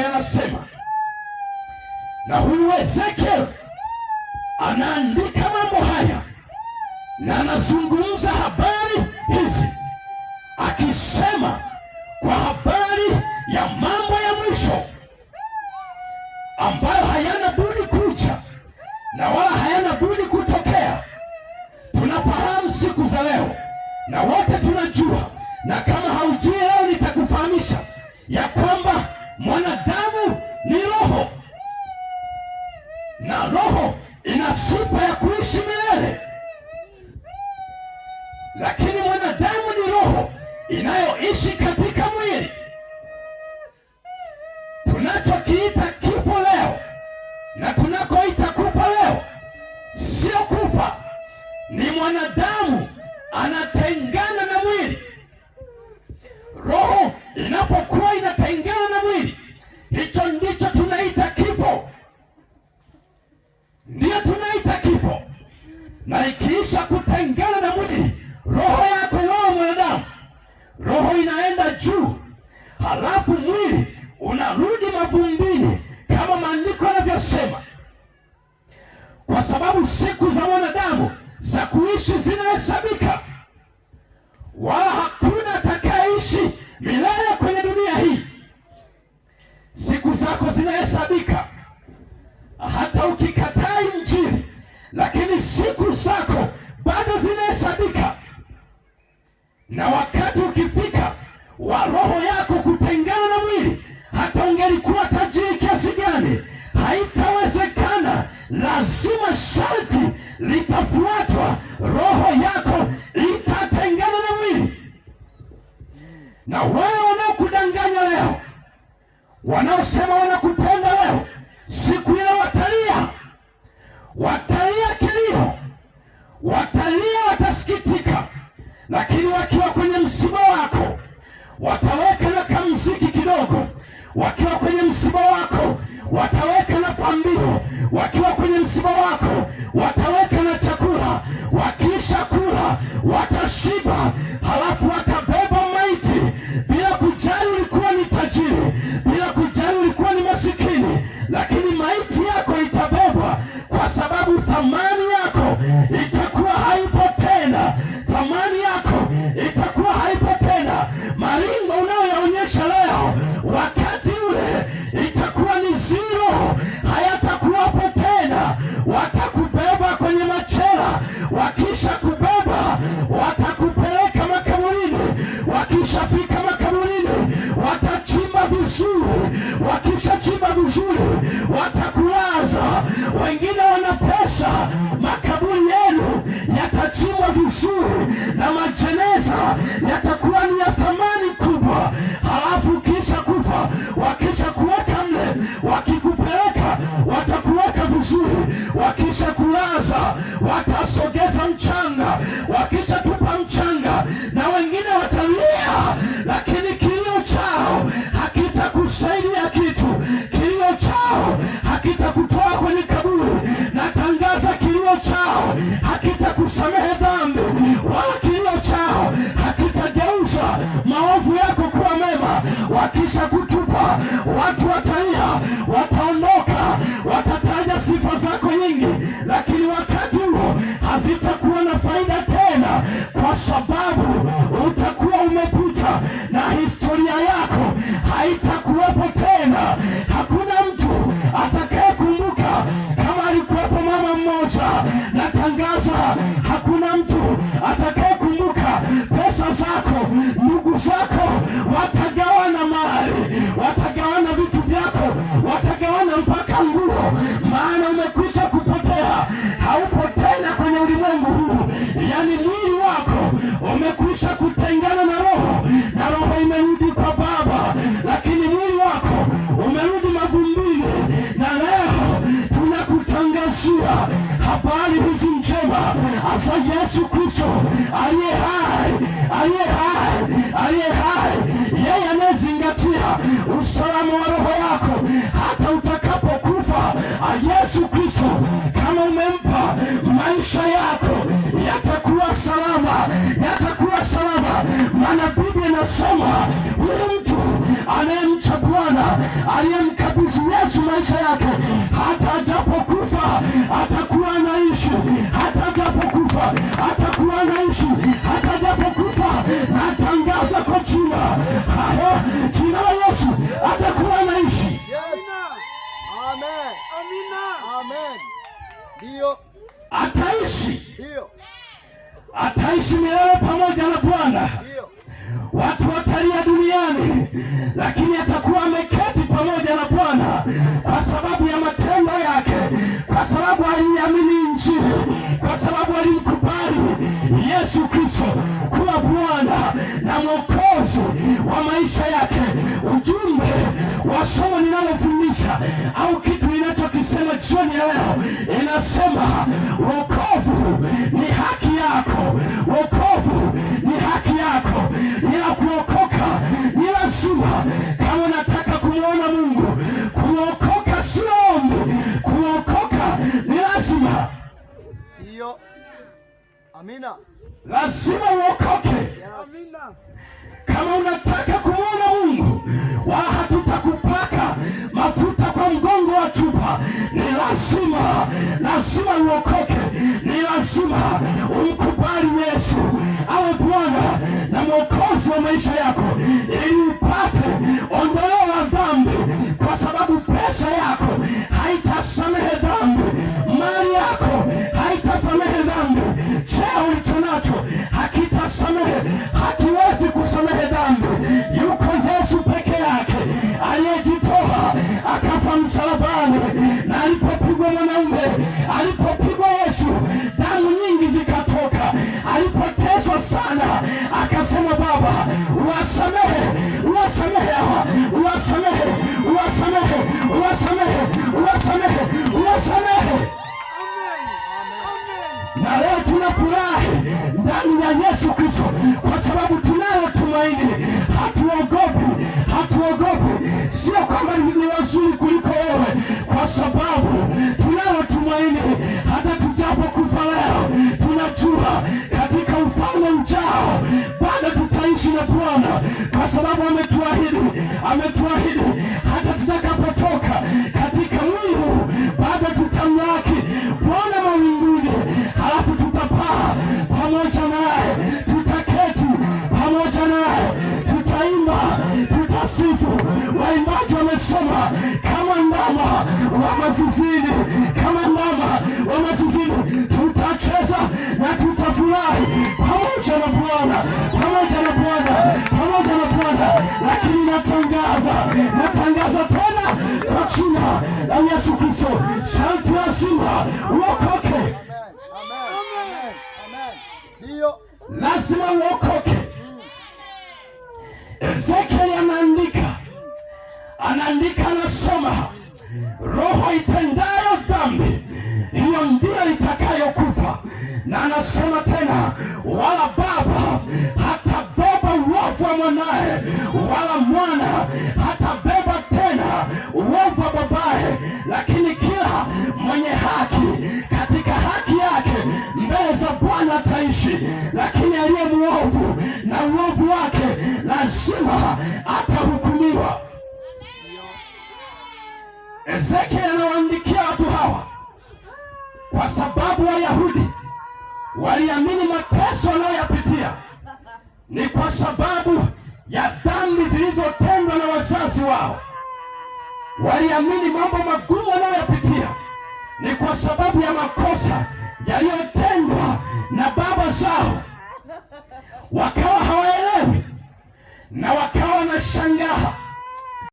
naye anasema, na huyu Ezekiel anaandika mambo haya na anazungumza habari hizi akisema na roho ina sifa ya kuishi milele, lakini mwanadamu ni roho inayoishi katika mwili. Tunachokiita kifo leo na tunakoita kufa leo sio kufa, ni mwanadamu anatengana na mwili. Roho inapokuwa inatengana na mwili na ikiisha kutengana na mwili, roho yako wewe mwanadamu, roho inaenda juu, halafu mwili unarudi mavumbini kama maandiko yanavyosema, kwa sababu siku za mwanadamu za kuishi zinahesabika. wanaosema wanakupenda wewe, siku ile watalia, watalia kilio, watalia, watasikitika, lakini wakiwa kwenye msiba wako wataweka na kamziki kidogo, wakiwa kwenye msiba wako wataweka na pambio, wakiwa kwenye msiba wako wataweka na chakula, wakisha kula watashiba. thamani yako itakuwa haipo tena, thamani yako itakuwa haipo tena. Maringo unayoyaonyesha leo, wakati ule itakuwa ni zero, hayatakuwapo tena. Watakubeba kwenye machela wakisha kubeba makaburi yenu yatachimwa vizuri na majeneza yatakuwa ni ya thamani kubwa. Halafu kisha kufa, wakisha kuweka mle, wakikupeleka watakuweka vizuri, wakisha kulaza watasogeza mchanga wakisha wakisha kutupa watu watalia, wataondoka, watataja sifa zako nyingi, lakini wakati huo hazitakuwa na faida tena, kwa sababu utakuwa umepita na historia yako haitakuwepo tena. Hakuna mtu atakayekumbuka kama alikuwepo mama mmoja. Natangaza hakuna mtu atakayekumbuka pesa zako, ndugu zako wata Haleluya! Habari hizi njema asa Yesu Kristo aliye hai, aliye hai, aliye hai, yeye anayezingatia usalama wa roho yako hata utakapokufa. Ah, Yesu Kristo, kama umempa maisha yako yatakuwa salama, yatakuwa salama, maana Biblia inasema huyu anayemcha Bwana, aliyemkabidhi Yesu maisha yake, hata ajapokufa atakuwa anaishi, hata ajapokufa atakuwa anaishi, hata ajapokufa. Natangaza kwa jina haya, jina la Yesu, atakuwa anaishi. Ataishi, ataishi milele pamoja na Bwana watu watalia duniani, lakini atakuwa ameketi pamoja na Bwana kwa sababu ya matendo yake, kwa sababu aliamini Injili, kwa sababu alimkubali Yesu Kristo kuwa Bwana na Mwokozi wa maisha yake. Ujumbe wa somo ninalofundisha au kitu ninachokisema jioni ya leo inasema wokovu ni haki yako, wokovu kujua. kama unataka kumwona Mungu, kuokoka sio ombi, kuokoka ni lazima. Hiyo amina, lazima uokoke. Yes. Kama unataka kumwona Mungu, waha tutakupaka mafuta kwa mgongo wa chupa, ni lazima, lazima uokoke, ni lazima umkubali Yesu awe Bwana mwokozi wa maisha yako, ili upate ondoleo la dhambi, kwa sababu pesa yako haitasamehe dhambi, mali yako haitasamehe dhambi, cheo ulicho nacho hakitasamehe, hakiwezi kusamehe dhambi. Yuko Yesu peke yake aliyejitoa akafa msalabani, na alipopigwa mwanaume, alipopigwa Yesu damu nyingi zikatoka, alipoteswa sana Anasema Baba, wasamehe, wasamehe hawa, wasamehe, wasamehe, wasamehe, wasamehe, wasamehe. Na leo tunafurahi ndani ya Yesu Kristo kwa sababu tunayo tumaini, hatuogopi, hatuogopi. Sio kwamba ni wazuri kuliko wewe, kwa sababu tunayo tumaini sababu ametuahidi, ametuahidi hata tutakapotoka katika Mungu bado tutamlaki Bwana mawinguni, halafu tutapaa pamoja naye, tutaketi pamoja naye, tutaimba, tutasifu. Waimbaji wamesoma kama ndama wa mazizini, kama ndama wa mazizini, tutacheza na tutafurahi pamoja na Bwana pamoja na Bwana, pamoja na Bwana. Lakini natangaza, natangaza tena kwa jina la Yesu Kristo, shauti ya uokoke, lazima uokoke. Ezekiel anaandika, anaandika, anasoma roho itendayo dhambi hiyo ndiyo itakayokufa, na anasema tena, wala baba mwanaye, wala mwana hatabeba tena uovu wa babaye, lakini kila mwenye haki katika haki yake mbele za Bwana ataishi. Lakini aliye mwovu na uovu wake lazima atahukumiwa. Ezekieli anawaandikia watu hawa kwa sababu Wayahudi waliamini mateso wanayoyapitia ni kwa sababu ya dhambi zilizotendwa na wazazi wao. Waliamini mambo magumu wanayopitia ni kwa sababu ya makosa yaliyotendwa na baba zao, wakawa hawaelewi na wakawa na shangaa